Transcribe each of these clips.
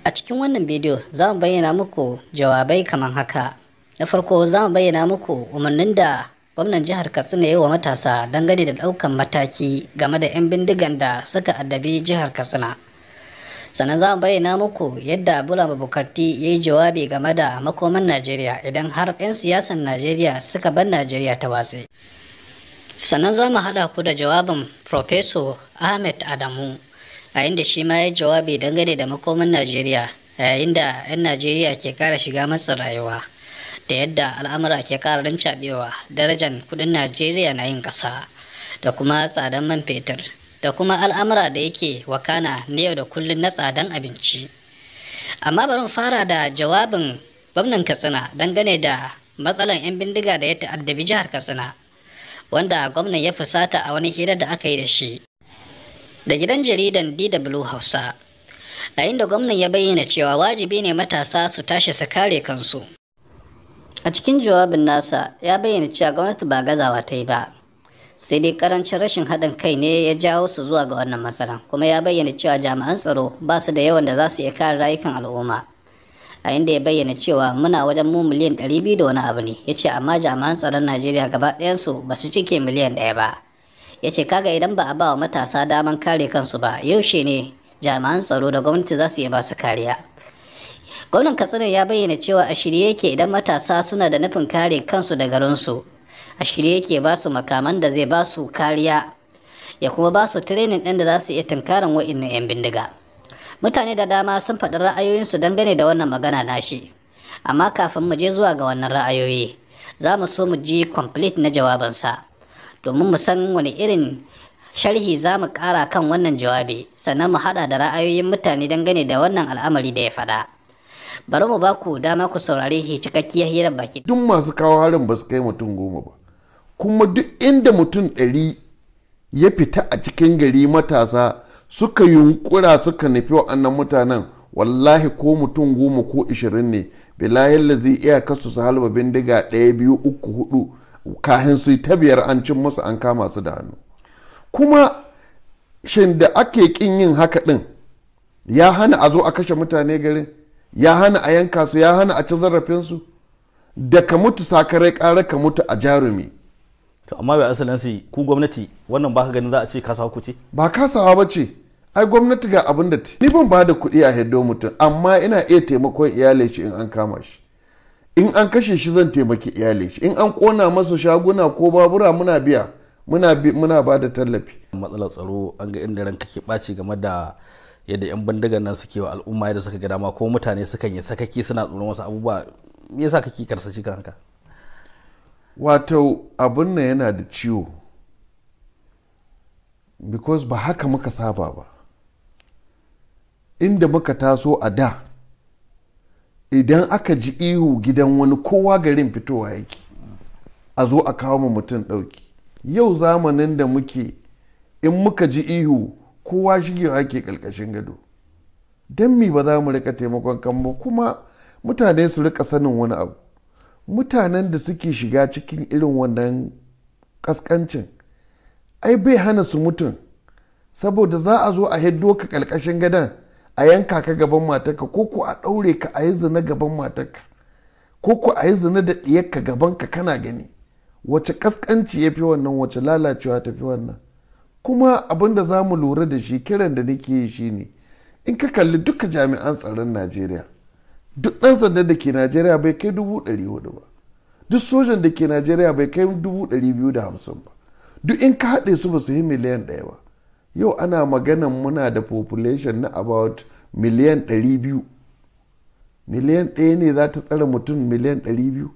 A cikin wannan bidiyo za mu bayyana muku jawabai kamar haka. Na farko za mu bayyana muku umarnin da gwamnan jihar Katsina ya yi wa matasa gani da ɗaukan mataki game da 'yan bindigan da suka addabi jihar Katsina. Sannan za mu bayyana muku yadda Bula Bukarti ya yi jawabi game da makoman Najeriya idan har 'yan siyasan Najeriya suka bar Najeriya ta watsi. Sannan za mu haɗa ku da jawabin Profeso Ahmed Adamu a inda shi ma ya jawabi dangane da makomin najeriya yayin da 'yan najeriya ke kara shiga masa rayuwa da yadda al'amura ke kara rincaɓewa darajar kudin najeriya na yin ƙasa da kuma tsadan man fetur da kuma al'amura da yake wakana na yau da kullun na tsadan abinci amma bari mu fara da jawabin gwamnan katsina dangane da matsalan 'yan bindiga da ya ta'addabi jihar katsina wanda gwamnan ya fusata a wani hira da aka yi da shi da gidan jaridan DW Hausa. A inda gwamnan ya bayyana cewa wajibi ne matasa su tashi su kare kansu. A cikin jawabin nasa ya bayyana cewa gwamnati ba gazawa ta yi ba. Sai dai karancin rashin haɗin kai ne ya jawo su zuwa ga wannan matsalar. kuma ya bayyana cewa jami'an tsaro ba su da yawan da za su iya kare rayukan al'umma. a inda ya bayyana cewa muna wajen mu miliyan biyu da wani abu ne ya ce amma jami'an tsaron najeriya gaba ɗayansu ba su cike miliyan ɗaya ba ya ce kaga idan ba a ba wa matasa daman kare kansu ba yaushe ne jami'an tsaro da gwamnati za su iya ba su kariya gwamnan katsina ya bayyana cewa a shirye yake idan matasa suna da nufin kare kansu da garinsu a shirye yake ba su makaman da zai ba su kariya ya kuma ba su tirenin ɗin da za su iya tunkarin wa'innan 'yan bindiga mutane da dama sun faɗi ra'ayoyinsu dangane da wannan magana nashi amma kafin mu je zuwa ga wannan ra'ayoyi za mu so mu ji complete na jawabansa. domin mu san wani irin sharhi za mu ƙara kan wannan jawabi sannan mu haɗa da ra'ayoyin mutane dangane da wannan al'amari da ya faɗa bari mu ba ku dama ku saurari shi cikakkiyar hirar baki duk masu kawo harin ba su kai mutum goma ba kuma duk inda mutum ɗari ya fita a cikin gari matasa suka yunkura suka nufi wa wa'annan mutanen wallahi ko mutum goma ko ishirin ne bilayen zai iya kasu su halba bindiga ɗaya biyu uku hudu kahin su ta biyar an cin musu an kama su da hannu kuma shin da ake kin yin haka din ya hana a zo a kashe mutane garin ya hana a yanka su ya hana a ci su, da ka mutu sakare kare ka mutu a jarumi to amma bai asalin su ku gwamnati wannan ba ka ganin za a ce kasawa ku ce ba kasawa ba ce ai gwamnati ga abin da ni ban ba da kuɗi a heddo mutum amma ina iya taimakon iyalai shi in an kama shi in an kashe shi zan taimaki iyali shi in an kona masa shaguna ko babura muna biya muna muna ba da tallafi matsalar tsaro an ga inda ranka ke ɓaci game da yadda yan bindigan nan suke wa al'umma yadda suka gada ma ko mutane sukan yi sakaki suna tsoron wasu abubuwa me yasa kake karsa shi kanka wato abin nan yana da ciwo because ba haka muka saba ba inda muka taso a da idan aka ji ihu gidan wani kowa garin fitowa yake a zo a kawo mutum ɗauki yau zamanin da muke in muka ji ihu kowa shigewa ke ƙarƙashin gado don mi ba za mu rika taimakon kanmu kuma mutane su rika sanin wani abu mutanen da suke shiga cikin irin wannan kaskancin ai bai hana su mutum saboda za a zo a hiddo ka ƙarƙashin gadon a yanka ka gaban matarka ko ko a ɗaure ka a yi zina gaban matarka ko ko a yi zina da ɗiyarka gaban ka kana gani wace ƙasƙanci ya fi wannan wace lalacewa ta fi wannan kuma abin da za mu lura da shi kiran da nake yi shi ne in ka kalli duka jami'an tsaron najeriya duk ɗan sanda da ke najeriya bai kai dubu ɗari hudu ba duk sojan da ke najeriya bai kai dubu ɗari biyu da hamsin ba duk in ka haɗe su ba su yi miliyan ɗaya ba yau ana maganan muna da population na about miliyan 200 miliyan 1 ne za ta tsara mutum miliyan 200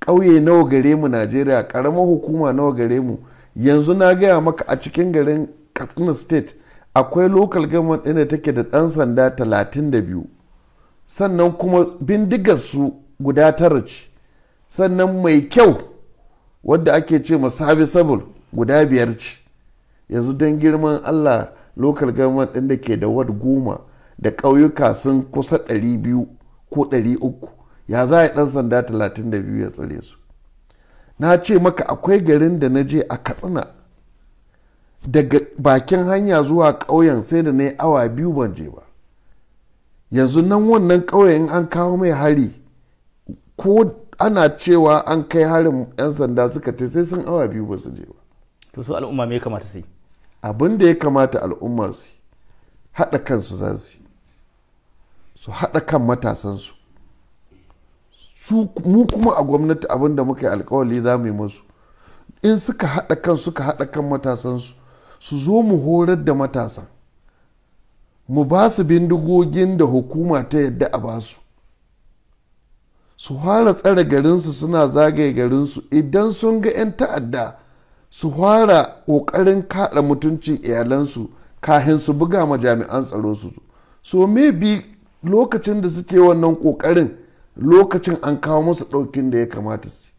ƙauye nawa gare mu najeriya ƙaramar hukuma nawa gare mu yanzu na gaya maka a cikin garin katsina state akwai local government ɗin da take da ɗan sanda 32 sannan kuma bindigar su guda tara ce sannan mai kyau wadda ake ce ma serviceable guda biyar ce yanzu don girman allah lokal government ɗin da ke da wad goma da ƙauyuka sun kusa 200 ko 300 ya za a yi ɗan sanda 32 ya tsare su na ce maka akwai garin da na je a katsina daga bakin hanya zuwa ƙauyen sai da na yi awa biyu ban je ba yanzu nan wannan ƙauyen an kawo mai hari ko ana cewa an kai harin 'yan sanda suka ce sai sun awa biyu ba su je ba to su al'umma me kamata su yi abin da ya kamata al'umma su haɗa kansu za su su haɗa kan matasansu su mu kuma a gwamnati abin da muka yi alkawali za mu yi masu in suka haɗa kan suka haɗa kan matasansu su zo mu horar da matasan mu ba su bindigogin da hukuma ta yadda a ba su su fara tsare garinsu suna zagaye garinsu idan sun ga 'yan ta'adda su fara ƙoƙarin kaɗa mutuncin iyalansu kahin su buga ma jami'an tsaro su so maybe lokacin da suke wannan ƙoƙarin lokacin an kawo musu ɗaukin da ya kamata su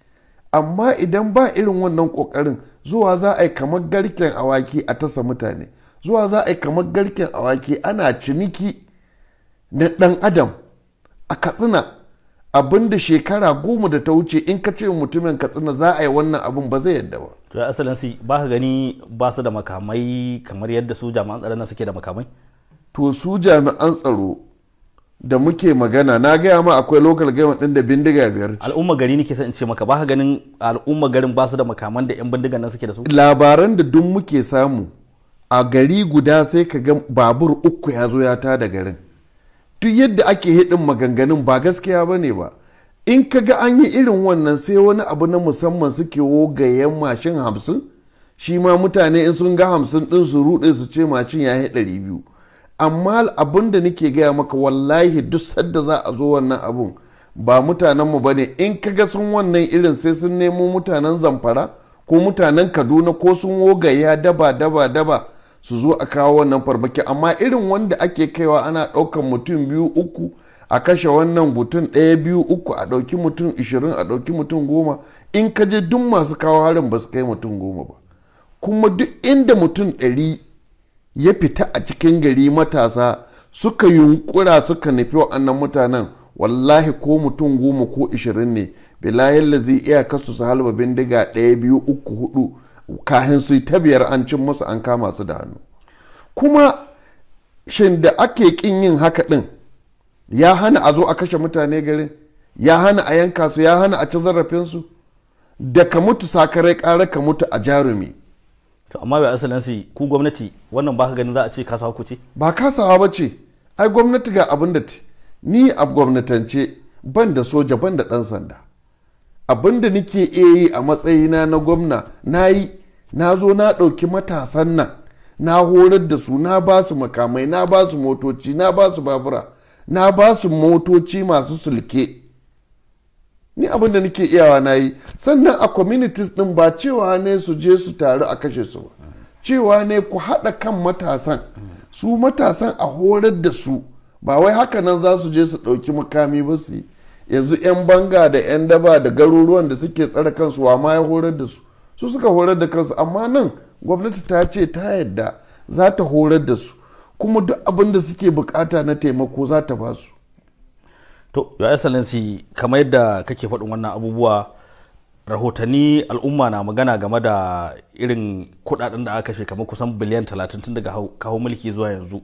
amma idan ba irin wannan ƙoƙarin zuwa za a yi kamar garken awaki a tasa mutane zuwa za a yi kamar garken awaki ana ciniki na ɗan adam a katsina abin da shekara goma da ta wuce in ka ce mutumin katsina za a yi wannan abin ba zai yadda ba to excellency ba ka gani ba su da makamai kamar yadda su jami'an na suke da makamai to su jami'an tsaro da muke magana na gaya ma akwai local government din da bindiga biyar al'umma gari nake son in ce maka ba ka ganin al'umma garin ba su da makaman da yan bindiga nan suke da su labaran da duk muke samu a gari guda sai ka ga babur uku ya zo ya ta da garin duk yadda ake hidin maganganun ba gaskiya bane ba in ka ga an yi irin wannan sai wani abu na musamman suke wogayen mashin hamsin shi ma mutane in sun ga hamsin din su rude su ce mashin ya yi ɗari biyu amma abin da nake gaya maka wallahi duk sadda za a zo wannan abun ba mutanenmu ba ne in ka ga sun wannan irin sai sun nemo mutanen zamfara ko mutanen kaduna ko sun wogaya daba daba daba su zo a kawo wannan farmaki amma irin wanda ake kaiwa ana ɗaukan mutum biyu uku a kashe wannan mutum ɗaya biyu uku a ɗauki mutum ishirin a ɗauki mutum goma in ka je duk masu kawo harin ba su kai mutum goma ba kuma duk inda mutum ɗari ya fita a cikin gari matasa suka yunkura suka nufi wa'annan mutanen wallahi ko mutum goma ko ishirin ne bilayen zai iya kasu su halba bindiga ɗaya biyu uku hudu kahin su ta biyar an cin musu an kama su da hannu kuma shin da ake kin yin haka ɗin ya hana a zo a kashe mutane garin ya hana a yanka su ya hana a ci zarafinsu da ka mutu sakarai kare ka mutu a jarumi to amma bai asalin su ku gwamnati wannan ba ka ganin za a ce kasawa ku ce ba kasawa ba ce ai gwamnati ga abin da ni a gwamnatance ban da soja ban da dan sanda abin da nike iya yi a matsayina na gwamna na yi na zo na ɗauki matasan nan na horar da su na ba su makamai na ba su motoci na ba su babura na ba su motoci masu sulke ni abin da nake iyawa na yi sannan a communities din ba cewa ne su je su taru a kashe su ba cewa ne ku haɗa kan matasan su matasan a horar da su ba wai haka nan za su je su ɗauki mukami ba su yanzu 'yan banga da 'yan daba da garuruwan da suke tsare kansu wa ma ya horar da su su suka horar da kansu amma nan gwamnati ta ce ta yadda za ta horar da su kuma duk abin da suke bukata na taimako za ta ba su to your excellency kamar yadda kake faɗin wannan abubuwa rahotanni al'umma na magana game da irin kudaden da aka kamar kusan biliyan 30 tun daga kawo mulki zuwa yanzu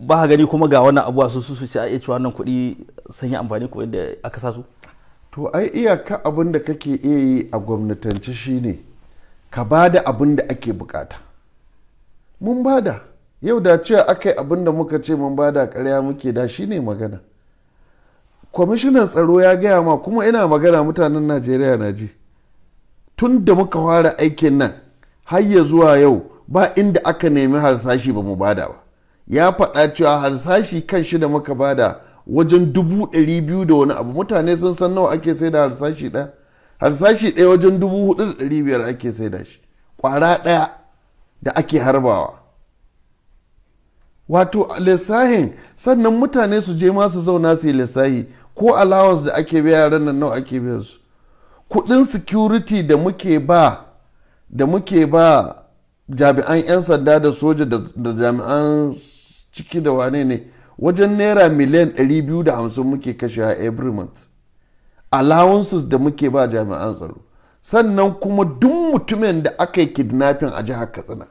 ba gani kuma ga wannan abuwa su su ce a iya cewa wannan kuɗi sun yi amfani ko yadda aka sa su to ai iyaka abin da kake iya yi a gwamnatance shine ka ba da abin da ake bukata mun ba da yau da cewa aka yi abin da muka ce mun bada karya muke da shi ne magana kwamishinan tsaro ya gaya ma kuma ina magana mutanen najeriya na ji tun da muka fara aikin nan har ya zuwa yau ba inda aka nemi harsashi ba mu bada ba ya faɗa cewa harsashi kan shi da muka bada wajen dubu ɗari biyu da wani abu mutane sun san nawa ake sai da harsashi ɗaya harsashi ɗaya wajen dubu hudu da ɗari biyar ake sai da shi ƙwara ɗaya da ake harbawa wato lissahin sannan mutane su je masu zauna su yi lissahi ko allowance da ake biya yaran nan nawa ake biya su kudin security da muke ba da muke ba jami'an 'yan sanda da soja da jami'an ciki da wane ne wajen naira miliyan 250 muke kashewa every month allowances da muke ba jami'an tsaro sannan kuma duk mutumin da aka yi kidnapping a jihar katsina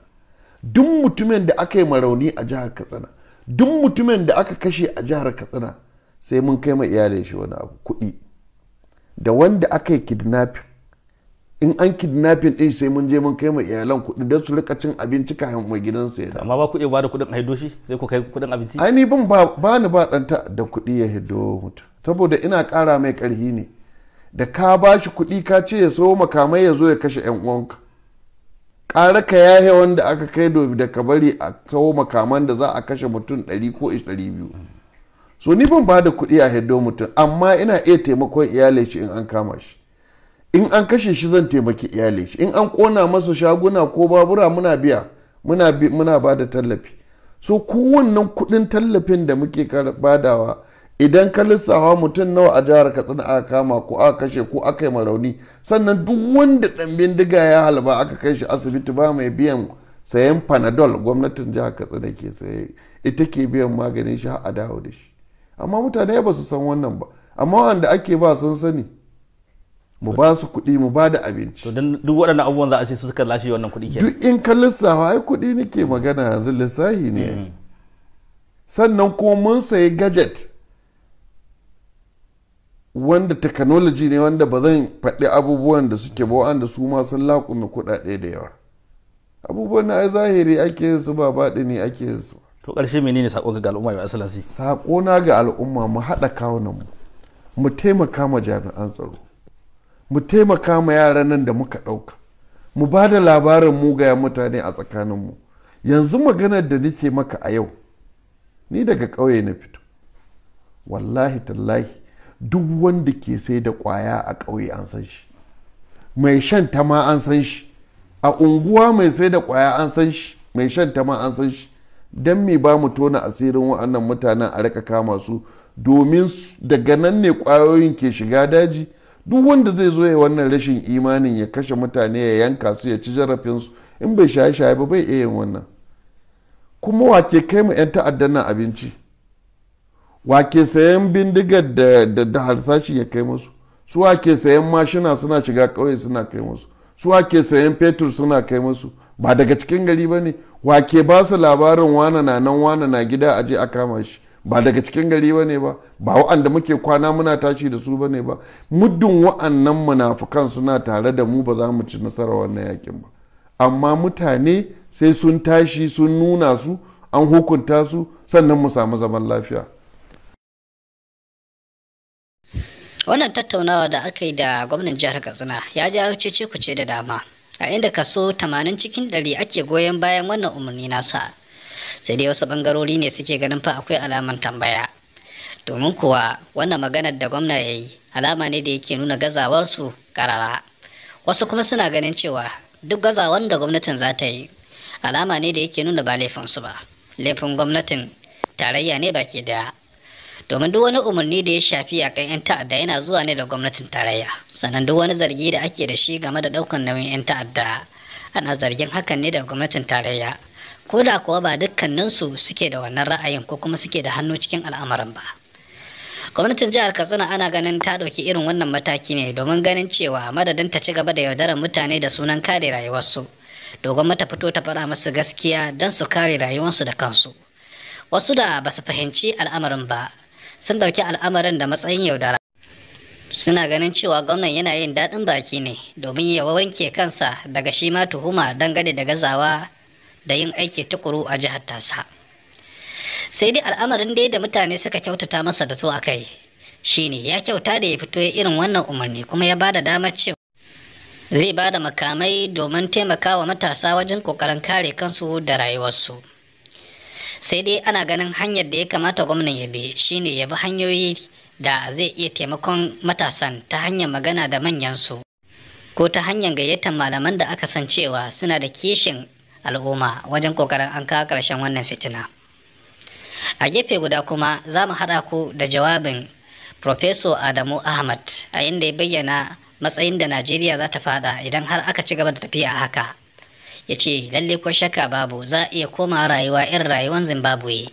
duk mutumin da aka yi marauni a jihar katsina duk mutumin da aka kashe a jihar katsina sai mun kai ma iyalin shi wani abu kuɗi da wanda aka yi kidnapping in an kidnapping din sai mun je mun kai ma iyalan kuɗi don su rika cin abinci kafin mai gidansu ya amma ba ku iya bada kuɗin haido shi sai ku kai kuɗin abinci ai ni ban ba ni ba dan ta da kuɗi ya hiddo mutum saboda ina ƙara mai ƙarfi ne da ka ba shi kuɗi ka ce ya so makamai ya zo ya kashe yan uwanka ƙara ka yahe wanda aka kai da ka bari a tsawo makaman da za a kashe mutum 100 ko 200 so ni ban ba da kuɗi a heddo mutum amma ina iya taimakon iyalai shi in an kama shi in an kashe shi zan taimaki iyalai shi in an kona masa shaguna ko babura muna biya muna ba da tallafi so kowannan kuɗin tallafin da muke badawa idan ka lissafa mutum nawa a jihar katsina aka kama ko aka kashe ko aka yi marauni sannan duk wanda ɗanbin bindiga ya halba aka kai shi asibiti ba mai biyan sayan panadol gwamnatin jihar katsina ke saye ita ke biyan maganin shi a dawo da shi amma mutane ba su san wannan ba amma wanda ake ba sun sani mu ba su kuɗi mu ba da abinci duk waɗannan abubuwan za a ce su suka lashe wannan kuɗi ke duk in ka lissafa ai kuɗi nake magana yanzu lissahi ne mm. sannan kuma mun sayi gadget wanda technology ne wanda ba zan faɗi abubuwan da suke ba wanda su ma sun lakumi kuɗaɗe da yawa abubuwan na zahiri ake yin su ba baɗi ne ake yin su to ƙarshe menene saƙonka ga al'umma mai asalansi saƙona ga al'umma mu haɗa kawunan mu mu taimaka ma jami'an tsaro mu taimaka ma yaran nan da muka ɗauka mu ba da labarin mu ga mutane a tsakanin mu yanzu maganar da nake maka a yau ni daga ƙauye na fito wallahi tallahi duk wanda ke sai da kwaya a ƙauye an san shi mai shan ta ma an san shi a unguwa mai sai da kwaya an san shi mai shan ta ma an san shi don me ba mu tona asirin wa'annan mutanen a raka kama su domin daga nan ne kwayoyin ke shiga daji duk wanda zai zo ya wannan rashin imanin ya kashe mutane ya yanka su ya ci su, in bai shaye-shaye ba bai iya yin wannan kuma wake kai mu 'yan ta'addan nan abinci wa ke sayan bindigar da da harsashi ya kai musu su wa ke sayan mashina suna shiga kauye suna kai musu su wa ke sayan fetur suna kai musu ba daga cikin gari ba ne ke ba su labarin wana na nan wana na gida a je a kama shi ba daga cikin gari ba ne ba ba wa'anda muke kwana muna tashi da su ba ne ba muddin wa'annan munafukan suna tare da mu ba za mu ci nasara wannan yakin ba amma mutane sai sun tashi sun nuna su an hukunta su sannan mu samu zaman lafiya wannan tattaunawa da aka yi da gwamnan jihar katsina ya ji ku kuce da dama a inda kaso 80 cikin 100 ake goyon bayan wannan umarni nasa sai dai wasu bangarori ne suke ganin fa akwai alaman tambaya domin kuwa wannan maganar da gwamna ya yi alama ne da yake nuna gazawarsu karara wasu kuma suna ganin cewa duk gazawar da gwamnatin za ta yi alama ne da yake nuna ba laifinsu ba laifin gwamnatin tarayya ne baki daya domin duk wani umarni da ya shafi a kan 'yan ta'adda yana zuwa ne da gwamnatin tarayya sannan duk wani zargi da ake da shi game da ɗaukan nauyin 'yan ta'adda ana zargin hakan ne da gwamnatin tarayya ko da kuwa ba dukkaninsu suke da wannan ra'ayin ko kuma suke da hannu cikin al'amarin ba gwamnatin jihar katsina ana ganin ta ɗauki irin wannan mataki ne domin ganin cewa madadin ta ci gaba da yaudarar mutane da sunan kare rayuwarsu dogon mata fito ta faɗa masu gaskiya don su kare rayuwarsu da kansu wasu da ba su fahimci al'amarin ba sun dauki al'amarin da matsayin yaudara suna ganin cewa gwamnan yana yin daɗin baki ne domin ya wanke kansa daga shi ma tuhuma dangane da gazawa da yin aiki tukuru a jihar tasa sai dai al'amarin dai da mutane suka kyautata masa da a kai shi shine ya kyauta da ya fito ya irin wannan umarni kuma ya bada damar cewa zai bada makamai domin taimakawa matasa wajen kokarin kare kansu da rayuwarsu sai dai ana ganin hanyar da ya kamata gwamnan ya bi shine ya bi hanyoyi da zai iya taimakon matasan ta hanyar magana da manyansu ko ta hanyar gayyatar malaman da aka san cewa suna da kishin al'umma wajen kokarin an kawo ƙarshen wannan fitina a gefe guda kuma za mu haɗa ku da jawabin Profeso Adamu Ahmad a inda ya bayyana matsayin da Najeriya za ta fada idan har aka ci gaba da tafiya haka. ya ce lalle ko shakka babu za a iya koma rayuwa irin rayuwar zimbabwe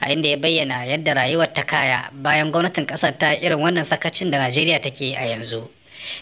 a inda ya bayyana yadda rayuwar ta kaya bayan gwamnatin kasar ta irin wannan sakacin da najeriya take a yanzu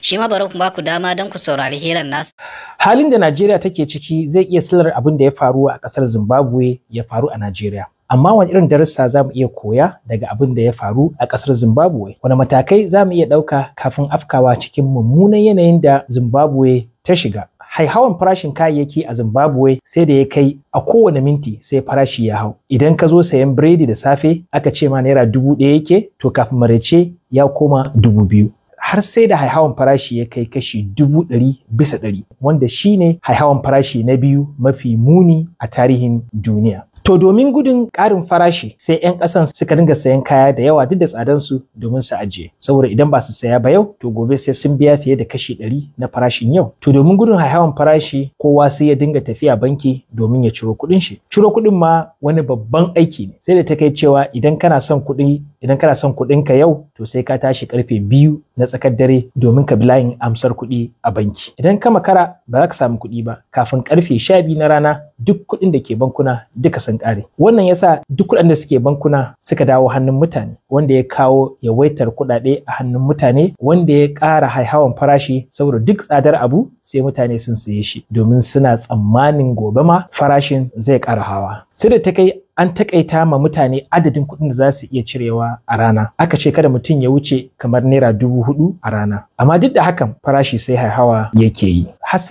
shi ma bari ba ku dama don ku saurari hirar nasu halin da najeriya take ciki zai iya silar abin da ya faru a kasar zimbabwe ya faru a najeriya amma wani irin darussa za mu iya koya daga abin da ya faru a ƙasar zimbabwe wani matakai za mu iya ɗauka kafin afkawa cikin mummunan yanayin da zimbabwe ta shiga haihawan farashin kayayyaki a Zimbabwe sai da ya kai a kowane minti sai farashi ya hau. Idan ka zo sayan biredi da safe aka ce ma naira dubu ɗaya yake to kafin marece ya koma dubu biyu. har sai da haihawan farashi ya kai kashi dubu ɗari bisa ɗari wanda shine haihawan farashi na biyu mafi muni a tarihin duniya. To domin gudun ƙarin farashi sai 'yan ƙasan suka dinga sayan kaya da yawa duk da su domin su ajiye. Saboda idan ba su saya ba yau to gobe sai sun biya fiye da kashi ɗari na farashin yau. To domin gudun haihawan farashi kowa sai ya dinga tafiya banki domin ya ciro kuɗin shi. Ciro kuɗin ma wani babban aiki ne. Sai da ta kai cewa idan kana son kuɗi idan kana son kuɗin ka yau to sai ka tashi karfe biyu na tsakar dare domin ka bi layin amsar kuɗi a banki. Idan ka makara ba za ka samu kuɗi ba kafin karfe sha biyu na rana duk kuɗin da ke bankuna duka san sun ƙare wannan yasa duk kuɗin da suke bankuna suka dawo hannun mutane wanda ya kawo yawaitar kuɗaɗe a hannun mutane wanda ya ƙara haihawan farashi saboda duk tsadar abu sai mutane sun saye shi domin suna tsammanin gobe ma farashin zai ƙara hawa sai da ta kai an takaita ma mutane adadin kuɗin da za su iya cirewa a rana aka ce kada mutum ya wuce kamar naira dubu hudu a rana amma duk da hakan farashi sai haihawa yake yi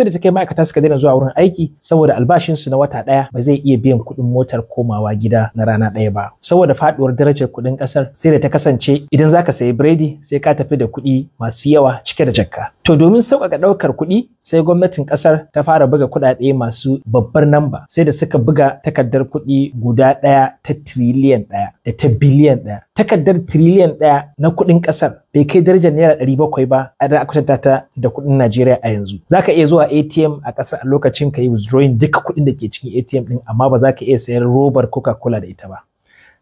da ta kai ma'aikata suka daina zuwa wurin aiki saboda albashinsu na wata ɗaya ba zai iya biyan kuɗin motar komawa gida na rana ɗaya ba saboda faɗuwar darajar kuɗin ƙasar sai da ta kasance idan zaka sayi biredi sai ka tafi da kuɗi masu yawa cike da jakka to domin sauƙaƙa ɗaukar kuɗi sai gwamnatin ƙasar ta fara buga kuɗaɗe masu babbar namba sai da suka buga takardar kuɗi guda ɗaya ta tiriliyan ɗaya da ta biliyan ɗaya takardar tiriliyan ɗaya na kuɗin ƙasar bai kai darajar naira ɗari bakwai ba a da aka ta da kuɗin Najeriya a yanzu. Za ka iya zuwa ATM a ƙasar a lokacin ka yi withdrawing duka kuɗin da ke cikin ATM ɗin amma ba za ka iya sayar robar Coca-Cola da ita ba.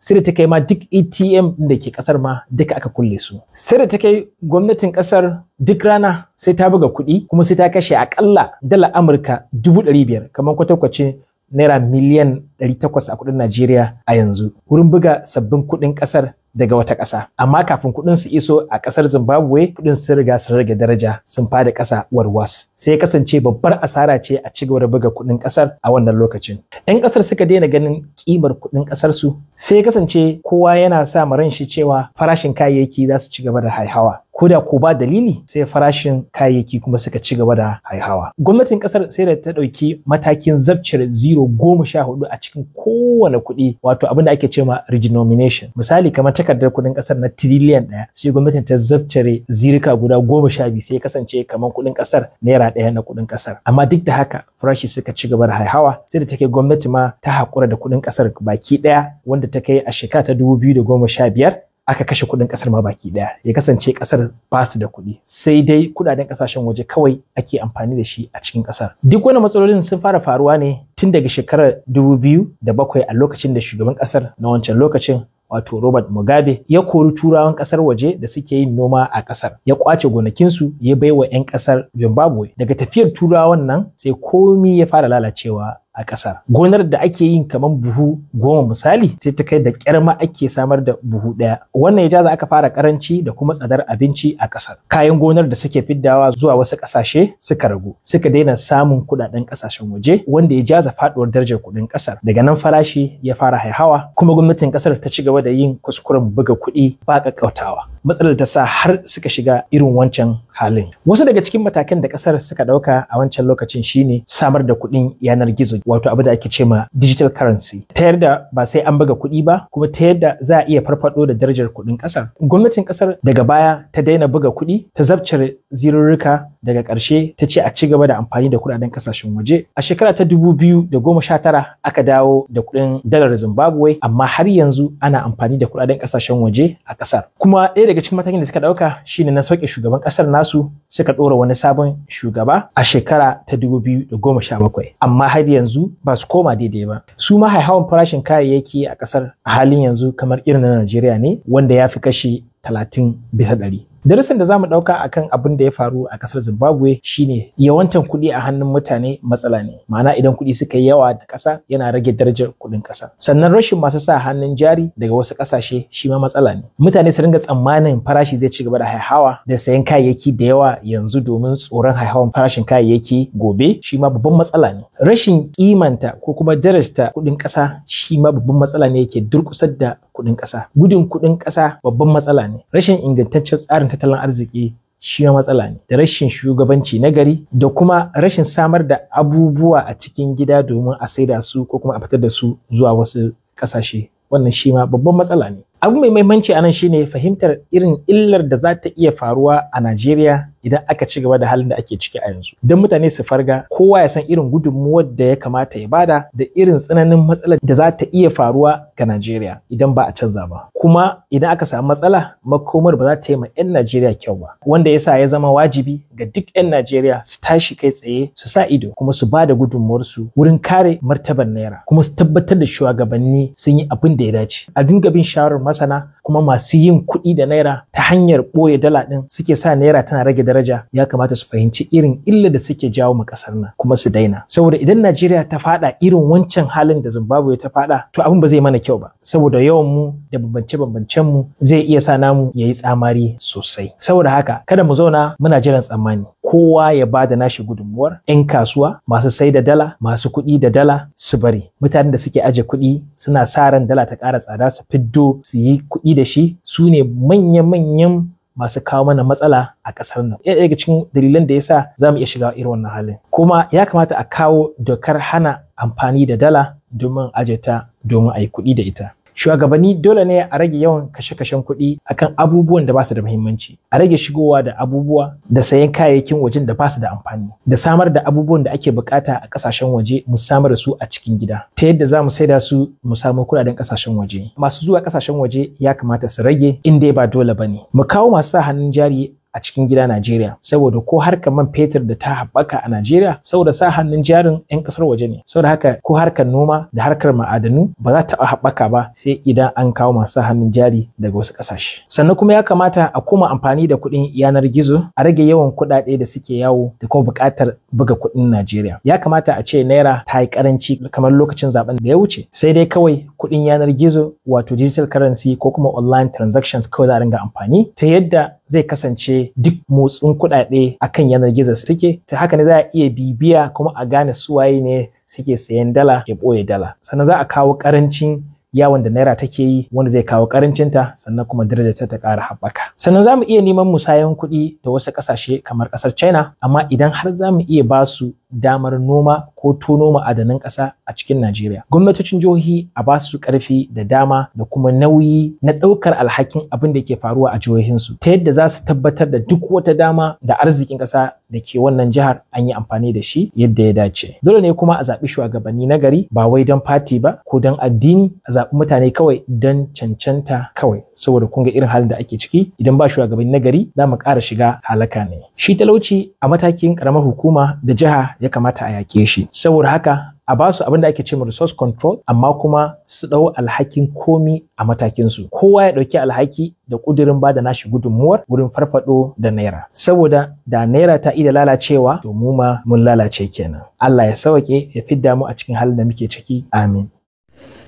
sai da ta kai ma duk ATM ɗin da ke ƙasar ma duka aka kulle su. Sai da ta kai gwamnatin ƙasar duk rana sai ta buga kuɗi kuma sai ta kashe aƙalla dala Amurka dubu ɗari biyar kamar kwatankwacin naira miliyan ɗari takwas a kuɗin Najeriya a yanzu. Wurin buga sabbin kuɗin ƙasar daga wata ƙasa amma kafin kuɗin su iso a ƙasar zimbabwe kuɗin sun riga sun rage daraja sun fada ƙasa warwas sai kasance babbar asara ce a ci gaba da buga kuɗin ƙasar a wannan lokacin yan ƙasar suka daina ganin ƙimar kuɗin ƙasar su sai kasance kowa yana sa ma ran shi cewa farashin kayayyaki za su ci gaba da haihawa ko da ko ba dalili sai farashin kayayyaki kuma suka ci gaba da haihawa gwamnatin kasar sai da ta ɗauki matakin zabcir zero goma sha hudu a cikin kowane kuɗi wato abin da ake cewa regenomination misali kamar takardar kuɗin kasar na tiriliyan ɗaya sai gwamnatin ta zabcire zirika guda goma sha biyu sai kasance kamar kuɗin kasar naira ɗaya na kuɗin kasar amma duk da haka farashi suka ci gaba da haihawa sai da take gwamnati ma ta haƙura da kuɗin kasar baki ɗaya wanda ta kai a shekara ta dubu biyu da goma sha biyar aka kashe kuɗin ƙasar ma baki ɗaya ya kasance ƙasar ba su da kuɗi sai dai kuɗaɗen ƙasashen waje kawai ake amfani da shi a cikin ƙasar duk wani matsalolin sun fara faruwa ne tun daga shekarar 2007 a lokacin da shugaban ƙasar na wancan lokacin wato Robert Mugabe ya kori turawan kasar waje da suke yin noma a kasar ya kwace gonakinsu ya bai wa 'yan kasar Zimbabwe daga tafiyar turawan nan sai komi ya fara lalacewa a ƙasar. Gonar da ake yin kamar buhu goma misali sai ta kai da ƙyarma ake samar da buhu ɗaya. Wannan ya jaza aka fara ƙaranci da kuma tsadar abinci a ƙasar. Kayan gonar da suke fiddawa zuwa wasu ƙasashe suka ragu, suka daina samun kuɗaɗen ƙasashen waje wanda ya jaza faɗuwar darajar kuɗin ƙasar. Daga nan farashi ya fara haihawa kuma gwamnatin ƙasar ta ci gaba da yin kuskuren buga kuɗi ba ka kautawa. matsalar ta sa har suka shiga irin wancan halin. Wasu daga cikin matakan da kasar suka ɗauka a wancan lokacin shine samar da kuɗin yanar gizo wato abu da ake ce ma digital currency ta yarda ba sai an buga kuɗi ba kuma ta yarda za a iya farfado da darajar kuɗin ƙasar. Gwamnatin ƙasar daga baya ta daina buga kuɗi ta zabcire zirurruka daga ƙarshe ta ce a ci gaba da amfani da kuɗaɗen kasashen waje. A shekara ta dubu biyu da goma sha tara aka dawo da kuɗin dalar Zimbabwe amma har yanzu ana amfani da kuɗaɗen ƙasashen waje a ƙasar. Kuma ɗaya daga cikin matakin da suka dauka shine na sauke shugaban kasar nasu su suka ɗora wani sabon shugaba a shekara ta 2017 amma har yanzu ba su koma daidai ba su ma haihawan farashin kayayyaki a ƙasar a halin yanzu kamar irin na Najeriya ne wanda ya fi kashe 30 bisa ɗari. Darasin da za mu ɗauka a kan abin da ya faru a ƙasar Zimbabwe shine yawantan kuɗi a hannun mutane matsala ne. Ma'ana idan kuɗi suka yi yawa da ƙasa yana rage darajar kuɗin ƙasa. Sannan rashin masu sa hannun jari daga wasu ƙasashe shi ma matsala ne. Mutane su ringa tsammanin farashi zai ci gaba da haihawa da sayan kayayyaki da yawa yanzu domin tsoron haihawan farashin kayayyaki gobe shi ma babban matsala ne. Rashin kimanta ko kuma darasta kuɗin ƙasa shi ma babban matsala ne yake durƙusar da kuɗin ƙasa. Gudun kuɗin ƙasa babban matsala ne. Rashin ingantaccen tsarin tattalin arziki shi matsala ne da rashin shugabanci na gari da kuma rashin samar da abubuwa a cikin gida domin a saida su ko kuma a fitar da su zuwa wasu ƙasashe wannan shi ma babban matsala ne abu mai mahimmanci anan shine fahimtar irin illar da za ta iya faruwa a Najeriya idan aka ci gaba da halin da ake ciki a yanzu don mutane su farga kowa ya san irin gudunmuwar da ya kamata ya bada da irin tsananin matsalar da za ta iya faruwa ga Najeriya idan ba a canza ba kuma idan aka samu matsala makomar ba za ta yi ma 'yan Najeriya kyau ba wanda ya sa ya zama wajibi ga duk 'yan Najeriya su tashi kai tsaye su sa ido kuma su bada gudunmuwar su wurin kare martabar naira kuma su tabbatar da shugabanni sun yi abin da ya dace a dinga bin shawarar ¿no? kuma masu yin kuɗi da naira ta hanyar ɓoye dala ɗin suke sa naira tana rage daraja ya kamata su fahimci irin illa da suke jawo ma ƙasar nan kuma su daina saboda idan Najeriya ta faɗa irin wancan halin da Zimbabwe ta faɗa to abin ba zai mana kyau ba saboda yawan mu da bambance bambancen mu zai iya sa namu yi tsamari sosai saboda haka kada mu zauna muna jiran tsammani kowa ya ba da nashi gudunmuwar 'yan kasuwa masu sai da dala masu kuɗi da dala su bari mutanen da suke aje kuɗi suna sa ran dala ta ƙara tsada su fiddo su yi kuɗi watsi da shi su ne manya-manyan masu kawo mana matsala a ƙasar nan. Ɗaya daga cikin dalilan da ya sa za mu iya shiga irin wannan halin. Kuma ya kamata a kawo dokar hana amfani da dala domin ajiyata domin a yi kuɗi da ita. shugabanni dole ne a rage yawan kashe-kashen kuɗi akan abubuwan da ba su da muhimmanci a rage shigowa da abubuwa da sayan kayayyakin wajen da ba su da amfani da samar da abubuwan da ake bukata a kasashen waje mu samar da su a cikin gida ta yadda za mu saida su mu samu kuɗaɗen kasashen waje masu zuwa kasashen waje ya kamata su rage in dai ba dole ba ne mu kawo masu sa hannun jari a cikin gida Najeriya saboda ko harkar man fetur da ta haɓaka a Najeriya saboda sa hannun jarin 'yan kasar waje ne saboda haka ko harkar noma da harkar ma'adanu ba za ta haɓaka ba sai idan an kawo masu hannun jari daga wasu ƙasashe sannan kuma ya kamata a koma amfani da kuɗin yanar gizo a rage yawan kuɗaɗe da suke yawo da kuma buƙatar buga kuɗin Najeriya ya kamata a ce naira ta yi ƙaranci kamar lokacin zaben da ya wuce sai dai kawai kuɗin yanar gizo wato digital currency ko kuma online transactions kawai za a ringa amfani ta yadda zai kasance duk motsin kuɗaɗe akan yanar gizo suke ta haka ne za a iya bibiya kuma a gane su waye ne suke sayan dala ke ɓoye dala sannan za a kawo ƙarancin yawon da naira take yi wanda zai kawo ta sannan kuma darajarta ta ta ƙara haɓaka sannan za mu iya neman musayan kuɗi da wasu ƙasashe kamar ƙasar china amma idan har za mu iya ba su damar noma ko tono ma'adanan ƙasa a cikin Najeriya. Gwamnatocin jihohi a ba su ƙarfi da dama da kuma nauyi na ɗaukar alhakin abin da ke faruwa a jihohinsu ta yadda za su tabbatar da duk wata dama da arzikin ƙasa da ke wannan jihar an yi amfani da shi yadda ya dace. Dole ne kuma a zaɓi shugabanni na gari ba wai don fati ba ko don addini a zaɓi mutane kawai don cancanta kawai saboda kun ga irin halin da ake ciki idan ba shugabanni na gari za mu ƙara shiga halaka ne. Shi talauci a matakin ƙaramar hukuma da jiha ya kamata a yaƙe shi saboda haka a ba su abin da ake cewa resource control amma kuma su ɗau alhakin komi a matakinsu. kowa ya ɗauki alhaki da ƙudurin ba da nashi gudunmuwar wurin farfaɗo da naira saboda da naira ta iya lalacewa to mu ma mun lalace kenan Allah ya sauke ya fidda mu a cikin halin da muke ciki amin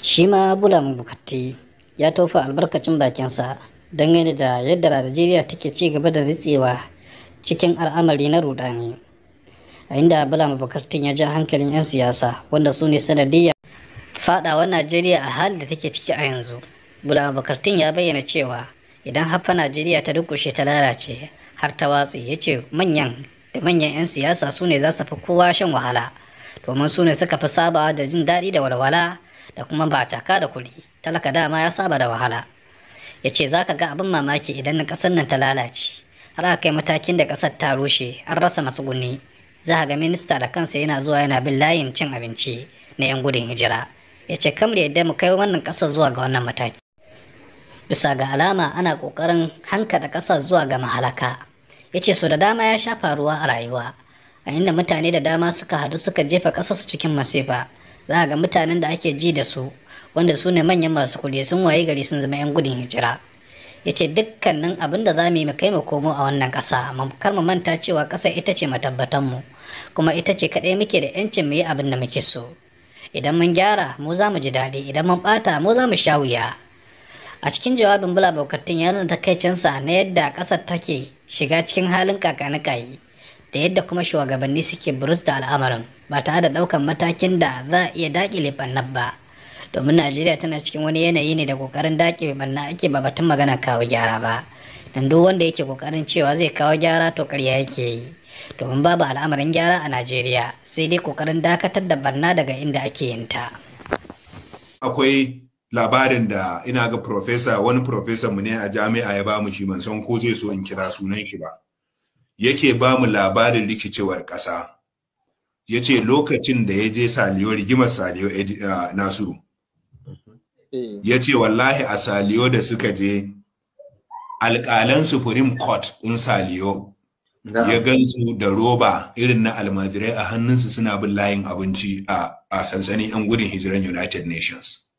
shi ma bulan bukati ya tofa albarkacin bakinsa dangane da yadda Najeriya take ci gaba da ritsewa cikin al'amari na rudani. a inda bulama mabakartun ya ji hankalin 'yan siyasa wanda su ne sanadiyya fadawa najeriya a halin da take ciki a yanzu bulama mabakartun ya bayyana cewa idan haffa najeriya ta dukushe ta lalace har ta watsi ya ce manyan da manyan 'yan siyasa su ne za su fi kowa shan wahala domin su ne suka fi sabawa da jin daɗi da walwala da kuma ba caka da kuɗi talaka dama ya saba da wahala ya ce za ka ga abin mamaki idan na ƙasar nan ta lalace har aka kai matakin da ƙasar ta rushe an rasa matsuguni za a ga minista da kansa yana zuwa yana bin layin cin abinci na 'yan gudun hijira ya ce kamar yadda mu kai wannan ƙasar zuwa ga wannan mataki bisa ga alama ana ƙoƙarin da ƙasar zuwa ga mahalaka ya ce so da dama ya sha faruwa a rayuwa a inda mutane da dama suka hadu suka jefa su cikin masifa za ga mutanen da ake ji da su wanda su ne manyan masu kuɗi sun waye gari sun zama 'yan gudun hijira ya ce dukkanin abin da za mu yi kai mu komo a wannan ƙasa kar mu manta cewa ƙasa ita ce matabbatanmu kuma ita ce kaɗai muke da 'yancin mu yi abin da muke so idan mun gyara mu za mu ji daɗi idan mun ɓata mu za mu sha wuya a cikin jawabin bula bukatun ya nuna takaicinsa na yadda ƙasar take shiga cikin halin kakanikayi da yadda kuma shugabanni suke burus da al'amarin ba tare da ɗaukan matakin da za a iya daƙile ɓannan ba domin najeriya tana cikin wani yanayi ne da kokarin dake banna ake ba batun magana kawo gyara ba don duk wanda yake kokarin cewa zai kawo gyara to karya yake yi domin babu al'amarin gyara a najeriya sai dai kokarin dakatar da barna daga inda ake yin ta akwai labarin da ina ga profesa wani profesa mu ne a jami'a ya bamu shi ban san ko zai so in kira sunan shi ba yake bamu labarin rikicewar kasa ya ce lokacin da ya je saliyo rigimar saliyo eh, nasiru Eh. ya ce wallahi a saliyo da suka je alƙalan supreme court in saliyo ya gansu da roba irin na almajirai a hannunsu suna bin layin abinci a sansanin 'yan gudun hijiran united nations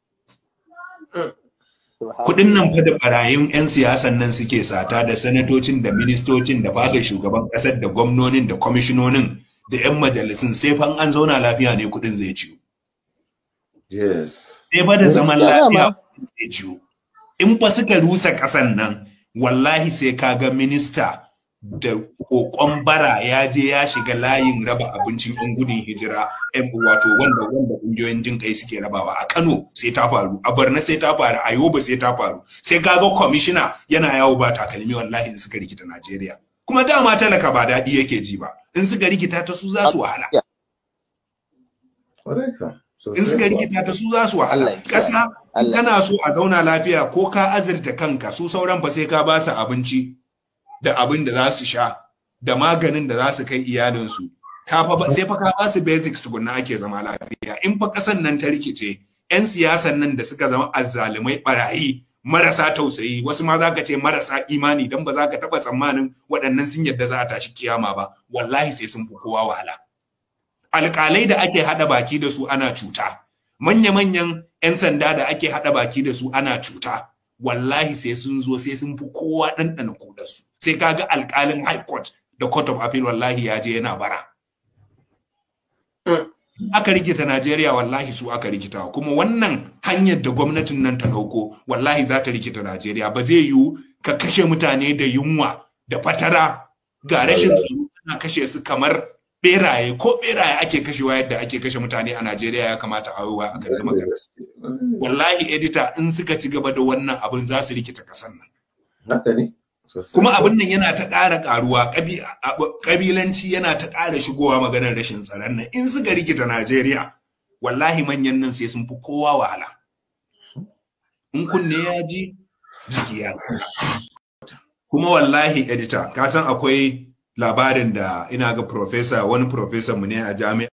kudin nan fa da barayin 'yan siyasan nan suke sata da sanatocin da ministocin da bada shugaban kasar da gwamnonin da kwamishinonin da 'yan majalisun sai fa an zauna lafiya ne kudin zai ciwo. Yes. sai ba da zaman lafiya da ciwo in ba suka rusa kasan nan wallahi sai ka ga minista da kokon bara ya je ya shiga layin raba abincin yan gudun hijira yan wato wanda wanda kungiyoyin jin kai suke rabawa a Kano sai ta faru a Borno sai ta faru a Yobe sai ta faru sai ka ga kwamishina yana yawo ba takalmi wallahi in suka rikita Najeriya kuma dama talaka ba daɗi yake ji ba in suka rikita ta su za su wahala in suka rikita ta su za su wahala ƙasa kana so a zauna lafiya ko ka azurta kanka su sauran ba sai ka ba su abinci da abin da za su sha da maganin da za su kai iyalinsu sai fa ka ba su basics tukunna ake zama lafiya in fa ƙasan nan ta rikice 'yan siyasan nan da suka zama azzalumai barayi marasa tausayi wasu ma za ka ce marasa imani don ba za ka taɓa tsammanin waɗannan sun yadda za a tashi kiyama ba wallahi sai sun fi kowa wahala alƙalai da ake haɗa baki da su ana cuta manya-manyan 'yan sanda da ake haɗa baki da su ana cuta wallahi sai sun zo sai sun fi kowa ɗanɗana da su sai kaga alƙalin high court da court of appeal wallahi ya je yana bara aka rikita Najeriya wallahi su aka rikita kuma wannan hanyar da gwamnatin nan ta dauko wallahi za ta rikita Najeriya ba zai yiwu ka kashe mutane da yunwa da fatara ga rashin tsaro ana kashe su kamar beraye ko beraye ake kashewa yadda ake kashe mutane a Najeriya ya kamata a yiwa a garin Wallahi editor in suka ci gaba da wannan abin za su rikita kasan nan. Kuma abin nan yana ta ƙara ƙaruwa ƙabilanci yana ta ƙara shigowa maganar rashin tsaron nan in suka rikita Najeriya wallahi manyan nan sai sun fi kowa wahala. In kunne ya ji jiki ya Kuma wallahi editor ka san akwai labarin da ina ga profesa wani profesa mu ne a jami'a